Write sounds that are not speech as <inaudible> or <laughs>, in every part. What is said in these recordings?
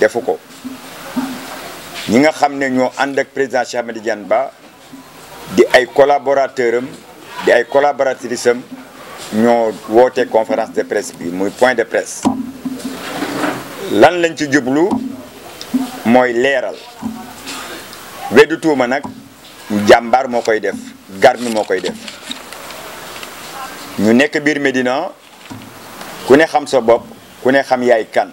defu ko ñi nga xam ne ñoo ànd ak président Cheikh Ba di ay collaborateur am di ay collaboratrice ñoo woote conférence de presse bi muy point de presse lan lañ ci jublu mooy leeral weddu tuuma nag jàmbaar moo koy def garmi moo koy def ñu nekk biir Médina ku ne xam sa bopp ku ne xam yaay kan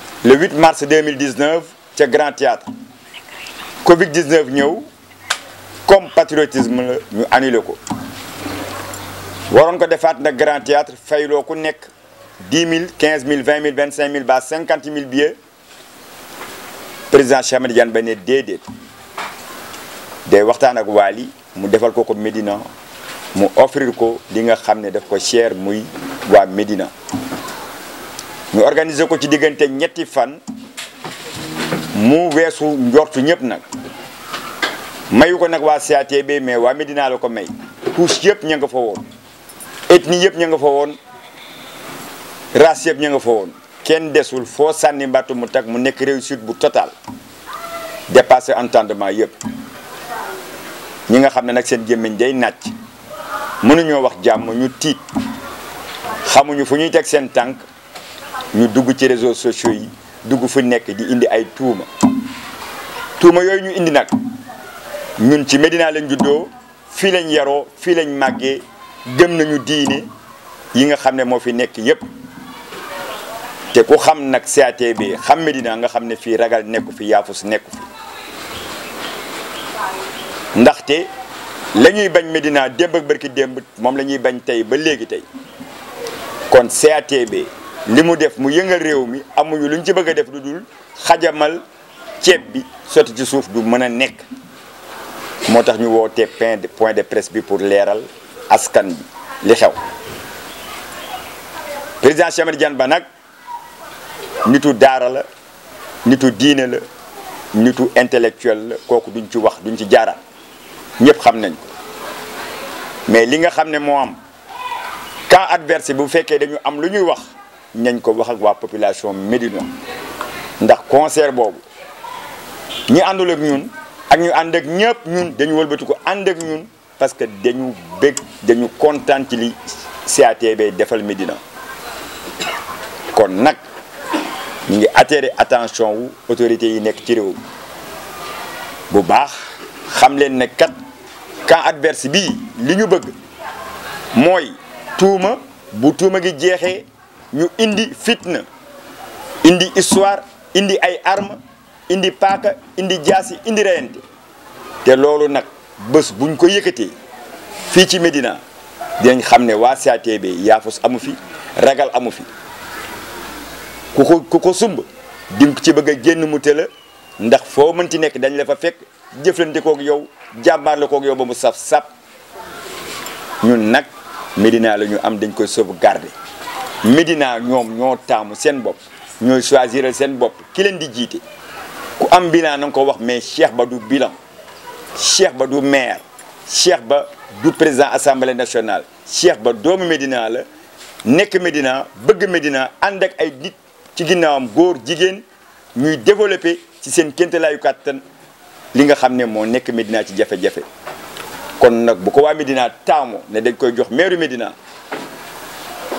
le 8 mars 2019 ca Grand Théâtre Covid 19 ñëw comme patriotisme la ñu annulé ko waroon ko defaat nag Grand Théâtre fayloo ku nekk 10 000 15 000 20 000 25 000 ba 50 000 billets président Cheikh Ahmed Tidiane Ba déedéet day waxtaan ak Wally mu defal ko ko Médina mu offrir ko li nga xam ne def ko cher muy waa Médina. ñu organiser ko ci diggante ñetti fan mu weesu njortu ñëpp nag mayu ko nag waa CATB mais waa Medina la ko may couche yëpp ña nga fa woon ethnie yëpp ña nga fa woon race yëpp ña nga fa woon kenn desul foo sànni mbattu mu tag mu nekk réussite bu total dépassé entendement yëpp ñi nga xam ne nag seen gémmiñ day nàcc mënuñoo wax jàmm ñu tiit xamuñu fu ñuy teg seen tànk ñu dugg ci réseau sociaux yi dugg fu nekk di indi ay tuuma tuuma yooyu ñu indi nag ñun ci Medina lañ juddoo fii lañ yaroo fii lañ màggee gëm nañu diine yi nga xam ne moo fi nekk yépp te ku xam nag CATB xam Medina nga xam ne fii ragal nekku fi yaafus nekku fi ndaxte lañuy bañ Medina démb ak barki moom la ñuy bañ tey ba léegi tey kon CATB li mu def mu yëngal réew mi amuñu luñ ci bëgg a def lu dul xajamal ceeb bi sotti ci suuf du mën a nekk moo tax ñu woote point de point de presse bi pour leeral askan bi li xew président Cheikh Ahmadou Tidiane Ba nag nitu daara la nitu diine la nitu intellectuel la kooku duñ ci wax duñ ci jaaraat ñëpp xam nañ mais li nga xam ne moo am quand adverse bu fekkee dañu am lu ñuy wax nañ ko wax ak population Médina ndax concert bobu ñi andul ak ñun ak ñu and ak ñepp ñun dañu wëlbati ko and ak ñun parce que dañu bëgg dañu kontaan ci li CATB défal Médina kon nak ñi ngi attirer attention wu autorité yi nekk ci réew bu baax xam leen ne kat camp adverse bi li ñu bëgg mooy tuuma bu tuuma gi jeexee ñu indi fitna indi histoire indi ay arme indi paaka indi jaasi indi reyante te loolu nag bés buñ ko yëkkatee fii ci Médina dinañ xam ne waa CATB yaafus amu fi ragal amu fi ku ko ku sumb di nga ci bëgg a génn mu tëla ndax foo mënti nekk dañ la fa fekk jëflante koog yow jàmbaar la koog yow ba mu saf sap ñun nag Médina lañu am dañ koy sauvegarder Médina ñoom ñoo taamu seen bopp ñooy choisir seen bopp ki leen di jiite ku am bilan na ko wax mais Cheikh Ba du bilan Cheikh Ba du maire Cheikh Ba du président assemblée national Cheikh Ba doomu Médina la nekk Médina bëgg Médina ànd ak ay nit ci ginnaawam góor jigéen ñuy développé ci seen kéntalaayu kàttan li nga xam ne moo nekk Médina ci jafe-jafe kon nag bu ko waa Médina taamu ne dañ koy jox maire Médina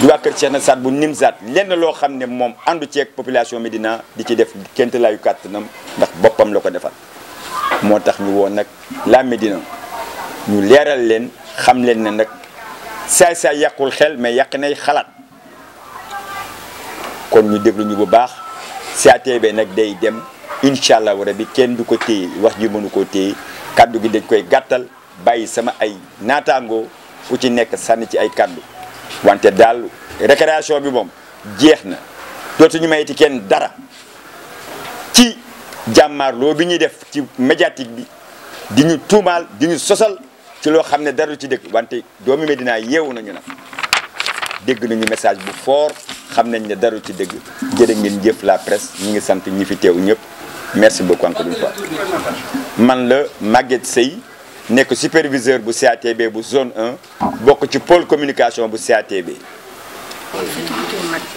di waa kër Cheikh na Saad bu saat lenn loo xam ne moom àndu ceeg population Médina di ci def kent laayu kàttanam ndax boppam la ko defal moo tax ñu woon nag la Médina ñu leeral leen xam leen ne nag saay saay yàqul xel mais yàq nay xalaat kon ñu déglu ñu bu baax CATB nag day dem incha allah rabi kenn du ko téye wax ji mënu koo téye kàddu gi dañ koy gàttal bàyyi sama ay naataangoo ku ci nekk sànni ci ay kàddu wante daal récréation bi moom jeex na dootuñu mayti kenn dara ci jàmmaarloo bi ñuy def ci médiatique bi di ñu tuumaal di ñu sosal ci loo xam ne dara ci dëkk wante doomi Medina yeewu nañu nag dégg nañu message bu fort xam nañ ne daru ci dégg jërë ngeen jëf la presse ñu ngi sant ñi fi teew ñëpp merci beaucoup encore une fois man la Maguette Seye nekk superviseur bu CATB bu zone 1 de ci pôle communication bu CATB.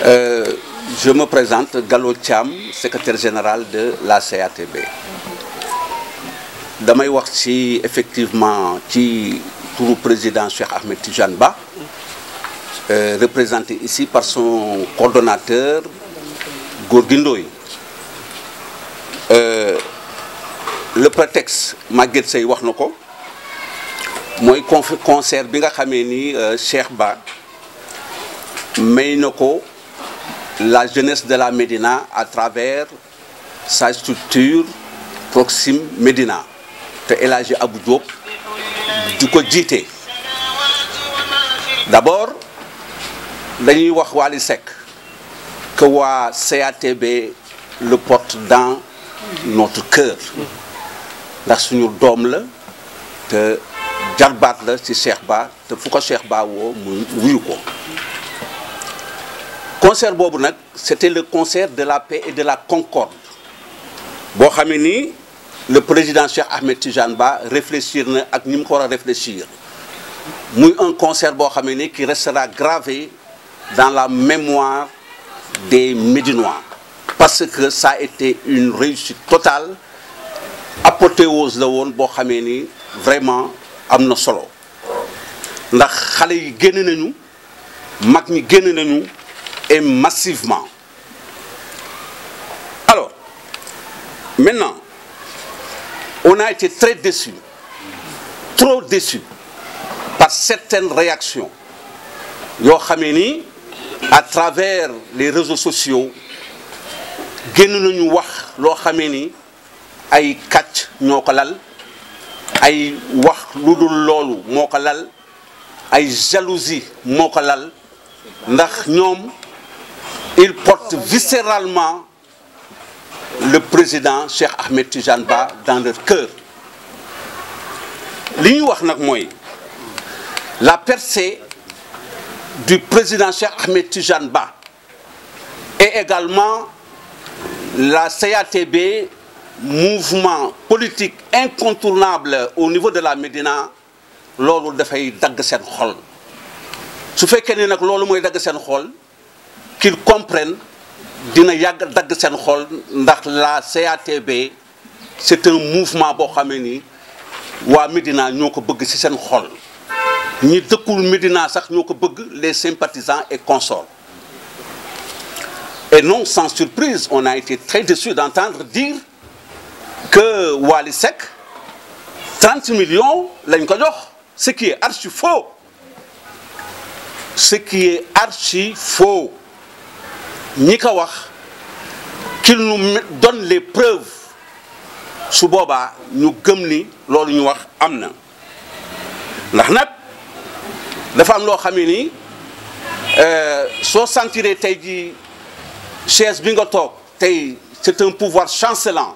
Euh, je me présente Gallo Cham, secrétaire général de la CATB damay wax ci effectivement ci le président Cheikh Ahmed Tijane Ba euh, représenté ici par son coordonnateur Gourguindoui. Euh, le prétexte Maguette Seye wax moy concert bi nga xamé ni euh, Cheikh Ba may la jeunesse de la Médina à travers sa structure proxime Médina te El Abou Diop du ko jiite d'abord dañuy wax wali Seck que wa CATB le porte dans notre cœur ndax suñu dom la te jarbaat la ci Cheikh Ba te fu Cheikh Ba wo ko concert bobu c'était le concert de la paix et de la concorde bo ni le président Cheikh Ahmed tijane Ba réfléchir na ak nim ko réfléchir muy un concert bo ni qui restera gravé dans la mémoire des Médinois parce que ça a été une réussite totale apothéose la won bo xamé ni vraiment amna solo ndax xalé yi nous, nañu mag ñi nañu et massivement alors maintenant on a été très déçus trop déçus par certaines réactions Yo xamé ni à travers les réseaux sociaux génn nañu wax lo xamé ni ay katch ñoko lal ay wax lu loolu moo ko lal jalousie moo ko lal ndax il porte viscéralement le président Cheikh Ahmed Tijanba dans leur cœur li wax la percée du président Cheikh Ahmed Tijanba Ba et également la CATB mouvement politique incontournable au niveau de la Médina loolu dafay dagg seen Ce su fekkee ne nag loolu Hall, qu'ils comprennent dina yàgg dagg ndax la CATB c'est un mouvement boo xamee ni la Médina nous ko bëgg ci seen Nous ñi dëkkul Médina sax bëgg les sympathisants et consorts et non sans surprise on a été très déçus d'entendre dire que Walisek, 30 millions ko ce qui est archi faux ce qui est archi faux ñi qu'il nous donne les preuves su nous ñu gëm ni loolu ñu wax am la femme nag dafa am loo xam euh, c'est un pouvoir chancelant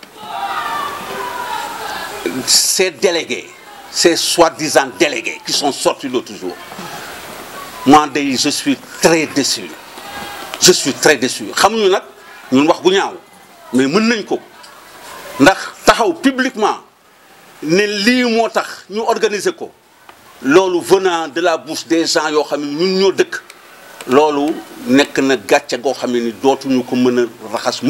ces délégués, ces soi-disant délégués qui sont sortis l'autre jour, moi, je suis très déçu. Je suis très déçu. Nous ça, mais nous pouvons publiquement, nous avons nous organisé. qui venant de la bouche des gens qui nous ne ñun ñoo na ne ko raxas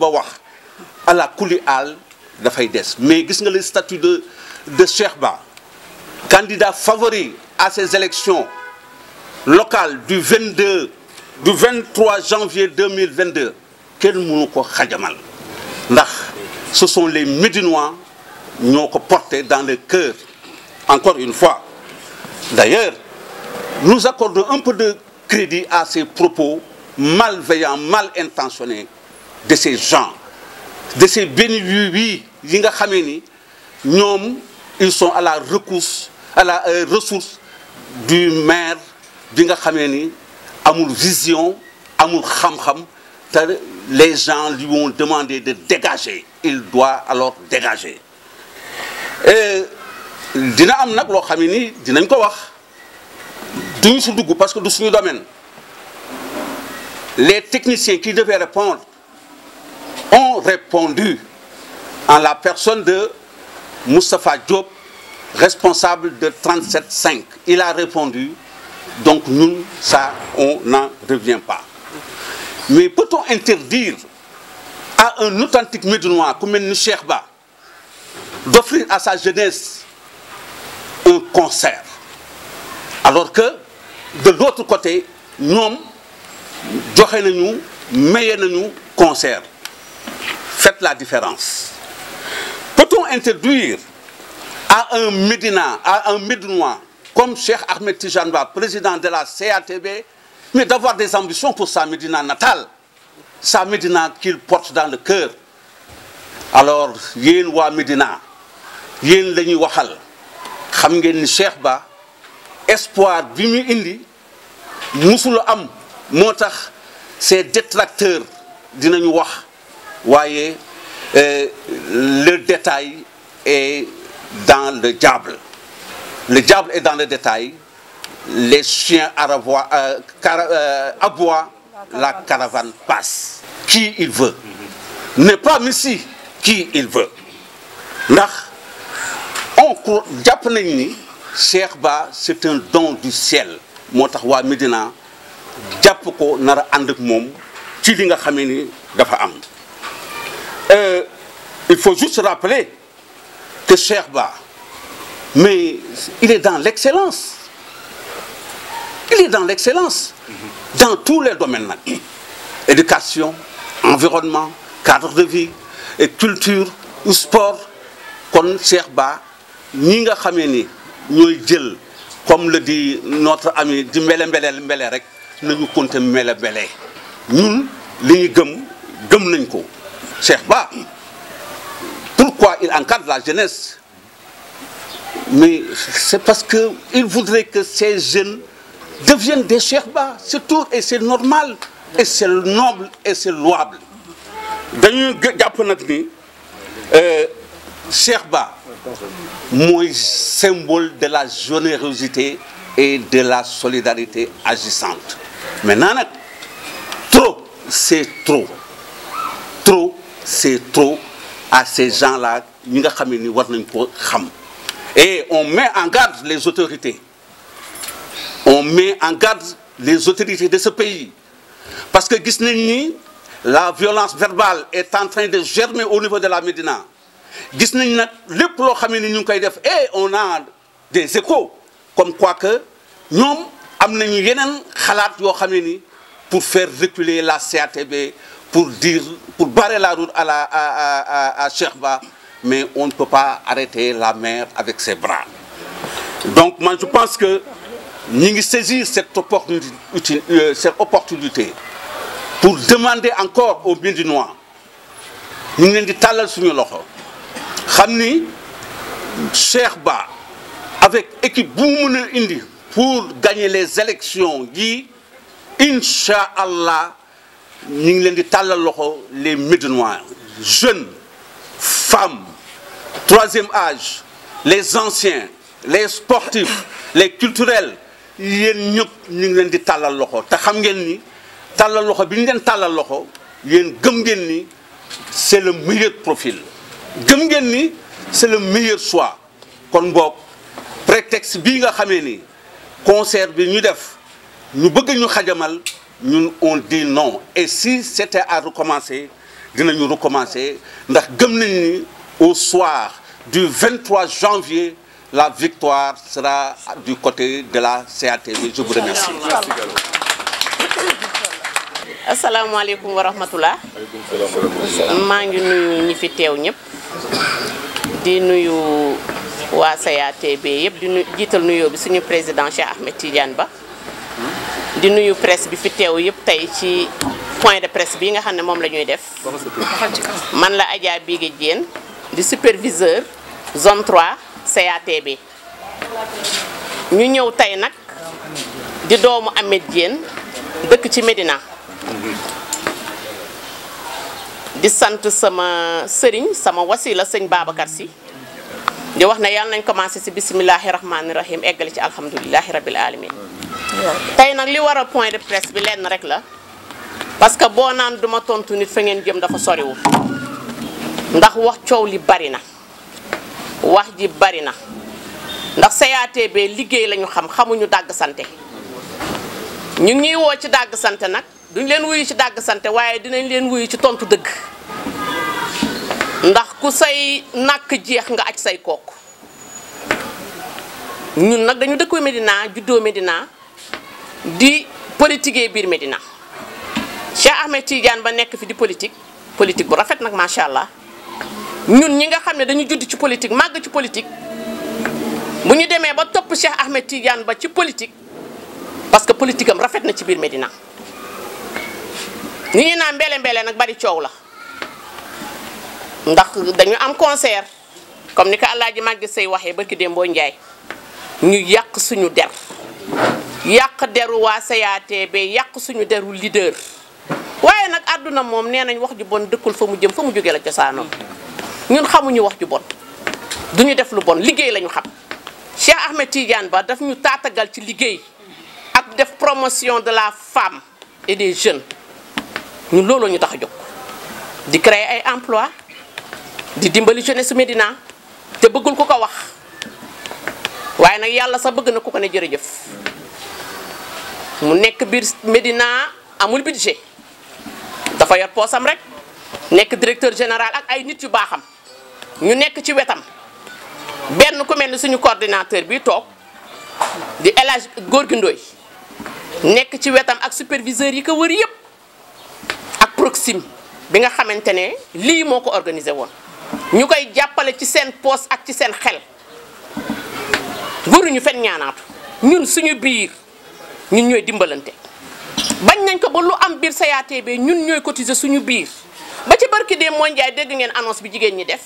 wax à la coulée de Faïdès. mais vous nga le statut de de candidat favori à ces élections locales du 22 du 23 janvier 2022 ce sont les Médinois qui ont porté dans le cœur encore une fois d'ailleurs nous accordons un peu de crédit à ces propos malveillants mal intentionnés de ces gens de ces bénévoles ils sont à la à la euh, ressource du maire bi nga vision les gens lui ont demandé de dégager il doit alors dégager dina parce que domaine les techniciens qui devaient répondre ont répondu en la personne de Moustapha Diop, responsable de 37.5. Il a répondu, donc nous, ça, on n'en revient pas. Mais peut-on interdire à un authentique médinois comme une d'offrir à sa jeunesse un concert alors que de l'autre côté, nous, nous nous, nous, nous concert la différence. Peut-on introduire à un Médina, à un Médinois, comme Cheikh Ahmed Tijanba, président de la CATB, mais d'avoir des ambitions pour sa Médina natale, sa Médina qu'il porte dans le cœur. Alors, yéen wa Médina yéen la waxal Cheikh Ba espoir bi indi musul am moo détracteurs dinañu voyez, euh, le détail est dans le diable. Le diable est dans le détail. Les chiens à euh, euh, aboient, la caravane. passe. Qui il veut. N'est pas Messi qui il veut. Là, on jàpp nañ ni Cheikh c'est un don du ciel moo Medina Japoko nara jàpp ko nar a dafa am. Euh, il faut juste rappeler que Sherba, mais il est dans l'excellence. Il est dans l'excellence. Dans tous les domaines. Éducation, environnement, cadre de vie, et culture, ou sport. Comme Sherba, nous avons comme le dit notre ami, du Mbele Mbele Mbele nous comptons Mbele Mbele. Nous, nous sommes Cheikh Pourquoi il encadre la jeunesse Mais c'est parce qu'il voudrait que ces jeunes deviennent des Cheikh C'est tout et c'est normal, et c'est noble, et c'est louable. Dans le ni euh, symbole de la générosité et de la solidarité agissante Mais non, trop c'est trop trop c'est trop à ces gens-là et on met en garde les autorités on met en garde les autorités de ce pays parce que la violence verbale est en train de germer au niveau de la Médina et on a des échos comme quoi que nous am des des xalaat pour faire reculer la CATB, pour, dire, pour barrer la route à, la, Sherba, mais on ne peut pas arrêter la mer avec ses bras. Donc moi je pense que nous saisir cette opportunité, euh, cette opportunité pour demander encore aux Bindinois nous avons dit talal suñu avec équipe de pour gagner les élections Guy. InshaAllah, allah ñu ngi leen di loxo les Médinois jeunes femmes troisième âge les anciens les sportifs les culturels yéen ñëpp ñu ngi leen di tàllal loxo te xam ngeen ni tàllal loxo bi ñu leen tàllal loxo yéen gëm ngeen ni c'est le meilleur profil gëm ngeen ni c'est le meilleur choix kon boog prétexte bii nga xamee ni concert bi ñu def ñu bëgg ñu xajamal nous on dit non et si c'était à recommencer dinañu recommencer ndax gëm nañ ni au soir du 23 janvier la victoire sera du côté de la CATV je vous remercie. alaikum wa rahmatullah. Je ngi nuyu ñi fi teew ñëpp. di nuyu waa CATB nous di nu jiital la bi président Cheikh Ahmed Tidiane di nuyu presse bi fi teew yëpp tey ci point de presse bi nga xam ne moom la ñuy def man la Adja Bigué Diène di superviseur zone 3 bi ñu ñëw tey nag di doomu Ameth Diène dëkk ci Médina di sant sama sëriñ sama wasila sëñ Babacar si di wax ne yàlla nañ commencé si bisimilahi rahmaani rahim eggale ci alhamdulilahi rabil alamin tey nag li waral point de presse bi lenn rek la parce que boo naan duma tontu nit fa ngeen jëm dafa soriwul ndax wax coow li bari na wax ji bari na ndax CATB liggéey lañu xam xamuñu dàgg sante ñu ngi ñuy woo ci dàgg sante nag duñ leen wuyu ci dàgg sante waaye dinañ leen wuyu ci tontu dëgg ndax ku say nakk jeex nga aj say kooku ñun nag dañu dëkkoo Medina juddoo Medina di politiquer biir Medina Cheikh Ahmed Tidiane ba nekk fi di politique politique bu rafet nag macha allah ñun ñi nga xam ne dañu judd ci politique màgg ci politique bu ñu demee ba topp Cheikh Ahmed Tidiane ba ci politique parce que politique am rafet na ci biir Medina ñu ñu naa mbele mbele nag bari coow la ndax dañu am concert comme ni ko Alaaji Màgg Sey waxee barki Dembo Njaay ñu yàq suñu der yàq deru waa CATB yàq suñu deru leader waaye nag àdduna moom nee nañ wax ju bon dëkkul fa mu jëm fa mu jógee la cosaanoo ñun xamuñu wax ju bon duñu def lu bon liggéey lañu xam Cheikh Ahmed Tidiane Ba daf ñu taatagal ci liggéey ak def promotion de la femme et des jeunes ñun looloo ñu tax a jóg di créer ay emploi di dimbali jeunesse su Médina te bëggul ku ko wax waaye nag yàlla sax bëgg na ku ko ne jërëjëf mu nekk biir Médina amul budget dafa yor poosam rek nekk directeur général ak ay nit yu baaxam ñu nekk ci wetam benn ku mel ni suñu coordinateur bi toog di El Hadj Gorgui Ndoye nekk ci wetam ak superviseurs yi ko wër yëpp ak Proxim bi nga xamante ne lii moo ko organisé woon ñu koy jàppale ci seen poos ak ci seen xel waruñu fen ñaanaatu ñun suñu biir ñun ñooy dimbalante bañ nañ ko ba lu am biir SATB ñun ñooy cotiser suñu biir ba ci barki dee moo njaay dégg ngeen annonce bi jigéen ñi def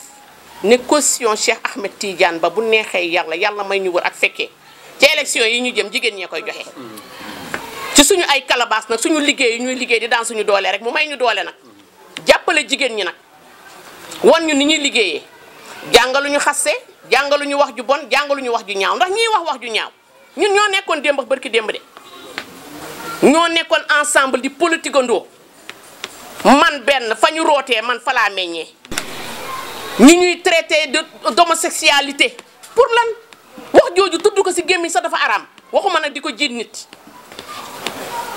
ne caution Cheikh Ahmed tiijaan ba bu neexee yàlla yàlla may ñu wër ak fekkee ci élection yi ñu jëm jigéen ñee koy joxe. ci suñu ay calebasse nag suñu liggéey ñuy liggéey di daan suñu doole rek mu may ñu doole nag jàppale jigéen ñi nag wan ñu ni ñuy liggéeyee jàngaluñu xasse jàngaluñu wax ju bon jàngaluñu wax ju ñaaw ndax ñiy wax wax ju ñaaw ñun ñoo nekkoon démb ak barki démb ñoo nekkoon ensemble di politikandoo man benn fa ñu rootee man fa laa meññee ñi ñuy traité de d'homosexualité pour lan wax jooju tudd ko si gémmiñ sax dafa araam waxuma nag di ko jiit nit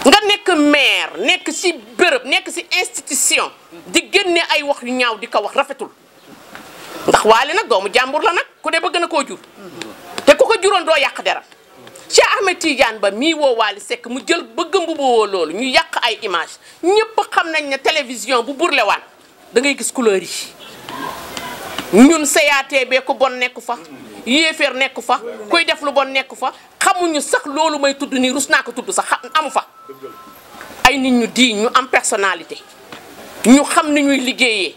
nga nekk maire nekk ci bërëb nekk si institution di génne ay wax yu ñaaw di ko wax rafetul ndax waale nag doomu jàmbur la nag ku ne bëgg na koo jur te ku ko juróon doo yàq dara ci Ahmed tiijaan ba mii woo Wally Seck mu jël bëgg mbubboo loolu ñu yàq ay image ñëpp xam nañ ne télévision bu burlewaan da ngay gis couleur yi ñun CATB ku bon nekku fa yéeféer nekk fa kuy def lu bon nekku fa xamuñu sax loolu mooy tudd nii rus naa ko tudd sax amu fa ay nit ñu di ñu am personnalité ñu xam ni ñuy liggéeyee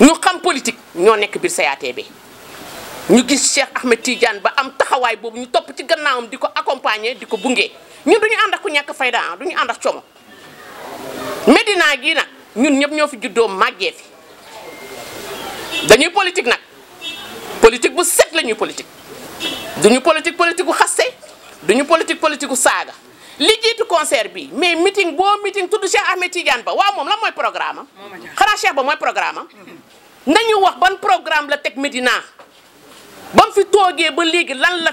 ñu xam politique ñoo nekk biir CATB ñu gis Cheikh Ahmed Tidiane ba am taxawaay boobu ñu topp ci gannaawam di ko accompagner di ko bunge ñun du ñu ànd ak ku ñàkk fayda ah du ñu ànd ak coomo Medina gii nag ñun ñëpp ñoo fi juddoom màggee fi dañuy politique nag politique bu set la ñuy politique ñu politique politique gu xaste duñu politique politique gu saaga li jiitu concert bi mais meeting boo meeting tudd Cheikh Ahmed Tidiane ba waaw moom la mooy programme am xanaa Cheikh ba mooy programme am <laughs> nañu wax ban programme la teg Medina. Si on fi toogee ba la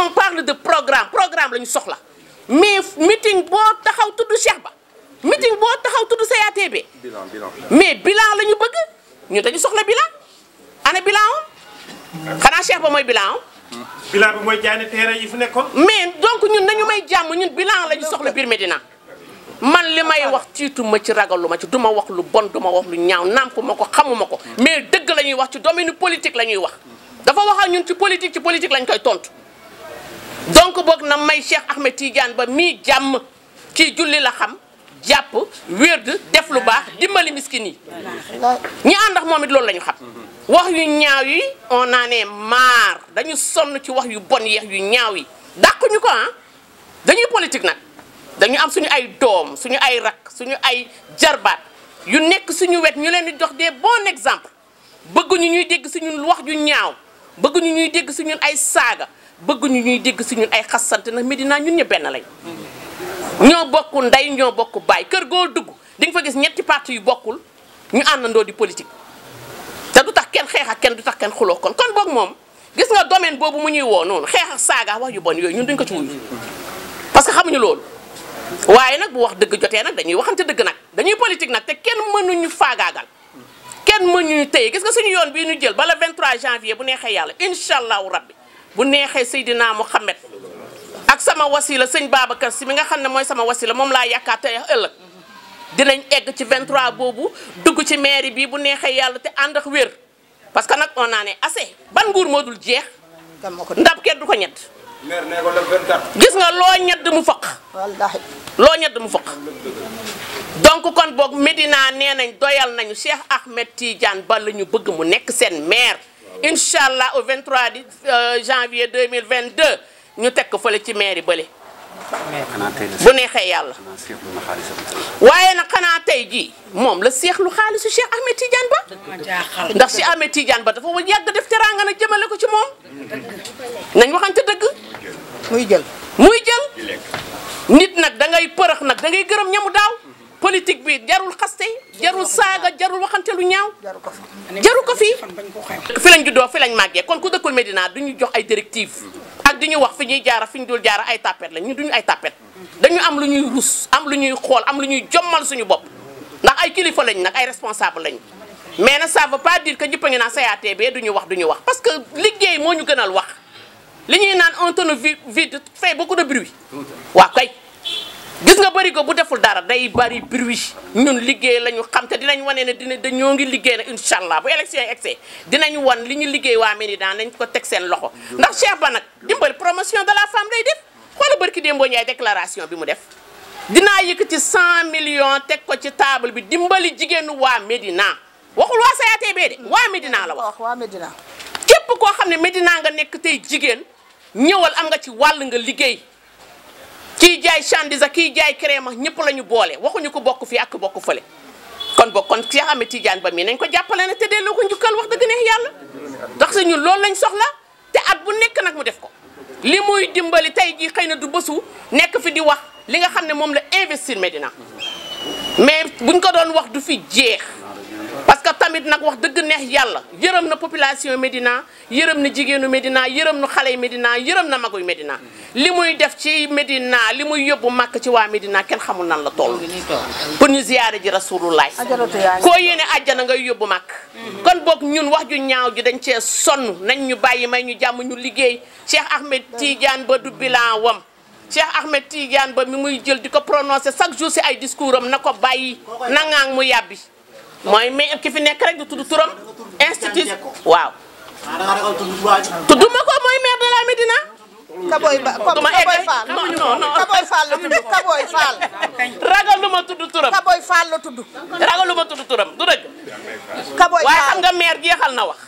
on parle de programme programme la mais meeting taxaw Cheikh Ba meeting taxaw Bilan mais bilan bëgg soxla bilan un bilan On Cheikh Ba bilan bilan mais donc ñun nañu may bilan on soxla man li may wax tiituma ci ragaluma ma ci duma wax lu bon duma wax lu ñaaw nàmp ma ko xamuma ko mm. mais dëgg la ñuy wax ci domaine politique la ñuy wax dafa waxal ñun ci politique ci politique lañ koy tontu donc boog na may Cheikh Ahmed tiijaan ba mii jàmm kii julli la xam jàpp wérd def lu baax dimbali miskin yi ñi ànd ak moom it loolu la ñu xam mm-hmm. wax yu ñaaw yi on en est marre dañu sonn ci wax yu bon yeex yu ñaaw yi dàq ñu ko ah dañuy politique nag dañu am suñu ay Dom, suñu ay rak suñu ay Jarba, yu nek suñu wet ñu leen di jox des bons exemples bëgguñu ñuy dégg suñu wax ju ñaaw bëgguñu ñuy dégg suñu ay saaga bëgguñu ñuy dégg suñu ay xassante nag Medina ñun ñu ben lañ. ño bokku nday ño bokku bay kër go dugg di nga fa gis ñetti parti yu bokul ñu andando di politique da du tax kenn xex ak kenn du tax kenn xulo kon kon bok mom gis nga domaine bobu mu ñuy wo non xex ak saga wax yu bon yoy ñun duñ ko ci wuy parce que xamuñu loolu. waaye nag bu wax dëgg jotee nag dañuy waxante dëgg nag dañuy politique nag te kenn mënuñu faagaagal kenn mënuñu tey gis nga suñu yoon bii nu jël bala 23 janvier bu neexee yàlla incha allahu rabbi bu neexee Seydina Mouhamed ak sama wasila sëñ Babacar si mi nga xam ne mooy sama wasila moom laa yaakaar tey ëllëg dinañ egg ci 23 boobu dugg ci mairie bi bu neexee yàlla te ànd ak wér parce que nag on naa ne asse ban nguur moo dul jeex. ndab kenn du ko ñett. gis nga loo ñedd mu faq. wallaahi loo ñedd mu faq. donc kon boog Medina nee nañ doyal nañu Cheikh Ahmed Tidiane Ba la bëgg mu nekk seen maire. incha allah au 23 di euh, janvier 2022 ñu teg ko fële ci maire yi bële. bu neexee yàlla. waaye nag xanaa tey jii moom la seexlu xaalisu Cheikh Ahmed Tidiane Ba. ndax Cheikh Ahmed Tidiane Ba dafa yàgg def teraanga nag jëmale ko ci moom. nañ waxante dëgg. muy jël muy jël nit nag da ngay përax nag da gërëm ñamu daaw politique bi jarul xaste jarul saaga jarul waxante lu ñaaw jaru ko fii fi lañ juddoo fi lañ màggee kon ku dëkkul Medina ñu jox ay directives ak di ñu wax fi ñuy jaara fi ñu dul jaara ay tapet la ñu duñu ay tapet dañu am lu ñuy rus am lu ñuy xool am lu ñuy jommal suñu bopp ndax ay kilifa lañ nag ay responsable lañ mais na ça veut pas dire que ñëpp a ngi naan CATB duñu wax duñu wax parce que liggéey moo ñu gënal wax li ñuy naan un tonneau vide fait beaucoup de bruit waaw kay gis nga bari ko bu deful dara day bari bruit ñun liggéey la ñu xam te dinañ wane ne dina dañoo ngi liggéey nag incha allah bu élection yi egsee dinañ won li ñu liggéey waa Médina nañ ko teg seen loxo ndax Cheikh Ba nag dimbali promotion de la femme day def wala barki démboo ñaay déclaration bi mu def dinaa yëkkati 100 millions teg ko ci table bi dimbali jigéenu waa Médina waxul waa SATB de waa Médina la wax waa Médina képp koo xam ne Médina nga nekk tey jigéen ñëwal am nga ci wàll nga liggéey kiy jaay chandisa kiy jaay crème ñëpp la ñu boole waxuñu ko bokk fii ak bokk fële. kon bokk kon Cheikh Ahmed Tidiane Ba mii nañ ko jàppale ne te delloo ko njukkal wax dëgg neex yàlla ndax si ñun loolu lañ soxla te at bu nekk nag mu def ko. li muy dimbali tey jii xëy na du bësu nekk fi di wax li nga xam ne moom la investir Médina mais buñ ko doon wax du fi jeex. parce tamit nag wax dëgg neex yàlla yërëm na population Médina yërëm na jigéenu Médina yërëm na xale yi Médina yërëm na maguy Médina li muy def ci Médina li muy yóbbu màkk ci waa Médina kenn xamul nan la toll pour ñu ziyaare ji rasulullah koo yéene àjjana ngay yóbbu màkk kon boog ñun wax ju ñaaw ji dañ cee sonn nañ ñu bàyyi may ñu jàmm ñu liggéey Cheikh Ahmed Tidiane ba du bilan wam Cheikh Ahmed Tidiane ba mi muy jël di ko prononcer chaque jour si ay discours na ko bàyyi nangaang mu yàbbi mooy mais ki fi nekk rek di tudd turam. institut waaw. tudd ma ko mooy maire de la Médina. Kaboy Ba Kaboy Fall non non non ragaluma tudd turam. du dëgg. waaye xam nga maire jeexal na wax.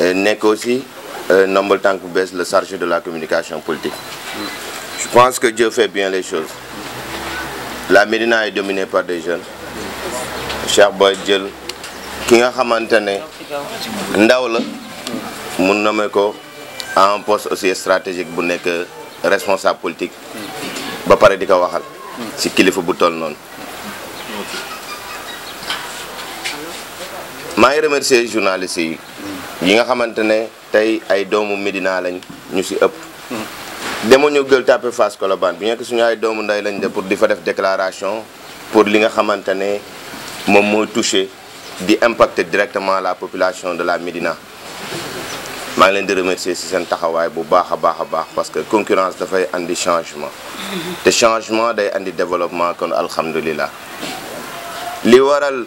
Euh, n'est aussi euh, le chargé de la communication politique je pense que Dieu fait bien les choses la Médina est dominée par des jeunes cher Boy qui qui nga maintenu un poste aussi stratégique bu responsable politique ba journalistes yi nga xamante tay ay doomu medina lañ ñu si ëpp. demoon Gueule Tapée Fass Colobane bi nekk suñu ay doomu nday lañ de pour di fa def déclaration pour li nga xamante mom moom toucher touché di impacter directement la population de la Médina. ma ngi leen di remercier si seen taxawaay bu baax a baax a baax parce que concurrence dafay andi changement te changement day andi développement kon alhamdulilah li waral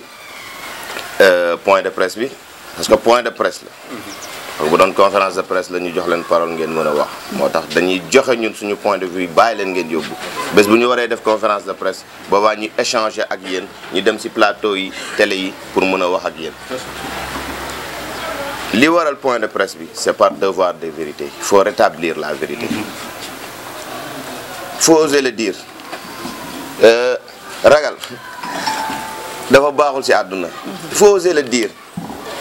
euh, point de presse bi parce que point de presse la. Mhm. parce que bu doon conférence de presse la ñu jox leen parole ngeen mën a wax. moo tax dañuy joxe ñun suñu point de vue bàyyi leen ngeen yóbbu bés bu ñu waree def conférence de presse boobaa ñu échanger ak yéen ñu dem ci plateau yi télé yi pour mën a wax ak yéen. li waral point de presse bi c'est par devoir de vérité il faut rétablir la vérité mhm. faut oser le dire euh, ragal dafa baaxul ci àdduna. il faut oser le dire.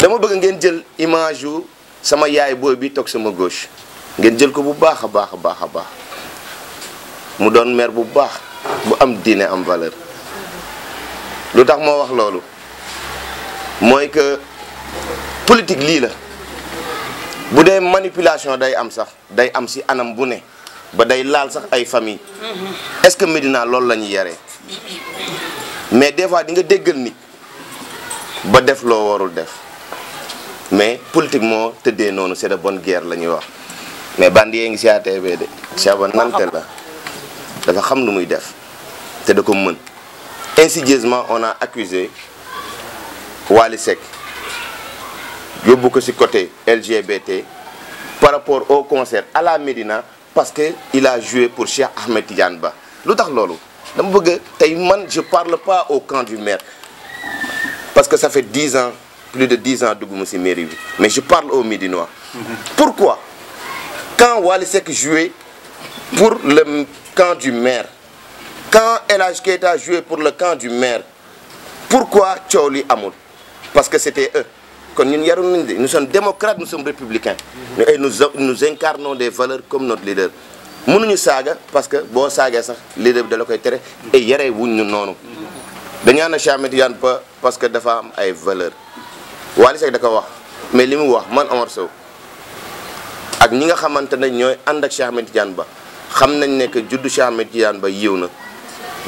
dama bëgg ngeen jël image yu sama yaay booy bi toog sama gauche ngeen jël ko bu baax a baax a baax a baax mu doon mère bu baax bu am diine am valeur lu tax moo wax loolu mooy que politique lii la bu dee manipulation day am sax day am si anam bu ne ba day laal sax ay famille mm-hmm. est-ce que Médina loolu la ñuy mais des fois di nga déggal nit ba def loo warul def mais politiquement, c'est de bonne guerre lañuy wax mais bandi ngi si C'est de bon la dafa xam lu muy def te da ko insidieusement on a accusé Walisek sek yobou ko côté LGBT par rapport au concert à la Médina parce qu'il a joué pour Cheikh Ahmed Tidiane Ba ne lolu dama bëgg je parle pas au camp du maire parce que ça fait 10 ans plus de 10 ans de si mais je parle aux Médinois. pourquoi quand Walisek jouait pour le camp du maire quand El Ajketa jouait pour le camp du maire pourquoi Tcholi Amoul parce que c'était eux nous sommes démocrates nous sommes républicains et nous incarnons des valeurs comme notre leader mënuñu sages parce que les saga sax leader de dala koy et nous wuñ ñu parce que femmes ont des valeurs Wally Seck da ko wax mais li mu wax man Omar Sow ak ñi nga xamante ne ñooy ànd ak Cheikh Ahmed Tidiane Ba xam nañ ne que juddu Cheikh Ahmed Tidiane Ba yiw na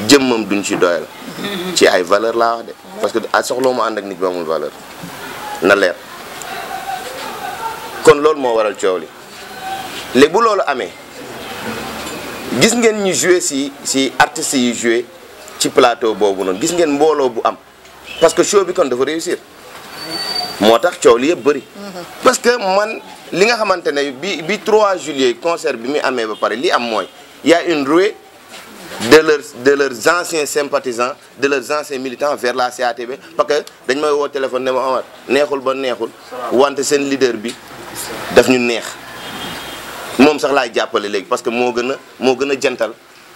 jëmmam duñ ci doyal ci ay valeur laa wax de parce que soxloo ma ànd ak nit ba amul valeur na leer kon loolu moo waral coow li léegi bu loolu amee gis ngeen ñu joué si si artistes yi joué ci plateau boobu noonu gis ngeen mbooloo bu am parce que show bi kon dafa réussir motax tax coow li mm-hmm. parce que man li nga xamantene bi bi 3 juillet concert bi mi amé ba paré li am il y a une ruée de leurs de leurs anciens sympathisants de leurs anciens militants vers la CATB parce que dañ may wo téléphone ne ma Omar neexul ba neexul wante sen leader bi daf ñu neex mom sax laay jappalé légui parce que mo gën mo moo gën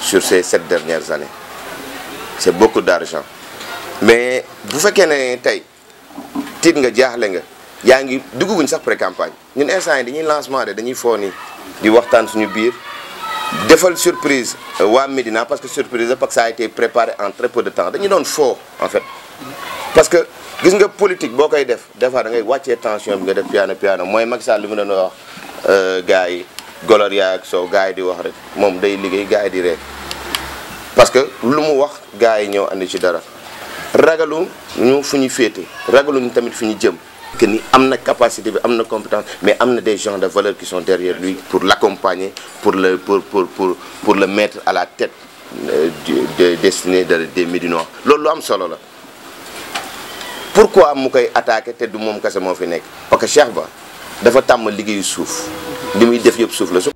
sur ces sept dernières années C'est beaucoup d' mais bu fekkee ne tey tiit nga jaaxle nga yaa ngi dugguñ sax pré campagne ñun instant yi dañuy lancement de dañuy foo nii di waxtaan suñu biir defal surprise euh, waa Medina parce que surprise parce que ça a été préparé en très peu de temps dañu doon foo en fait parce que gis nga politique boo koy def des fois da ngay wàccee tension bi nga def piano piano mooy Macky Sall li mu doon wax euh, gars golor yaay ak soow gars yi di wax rek moom day liggéey gars di parce que lu mu wax gars yi andi ci dara ragalu ñu fu ñu féete ragalu ñu tamit fu ñu jëm que ni am capacité bi am compétence mais am des gens de valeur qui sont derrière lui pour l'accompagner pour le pour pour pour pour le mettre à la tête euh, de destinée de des Médinois loolu am solo la pourquoi mu koy attaqué te du moom kese moo fi nekk parce que Cheikh Ba dafa tàmm liggéeyu suuf li muy def yëpp suuf la su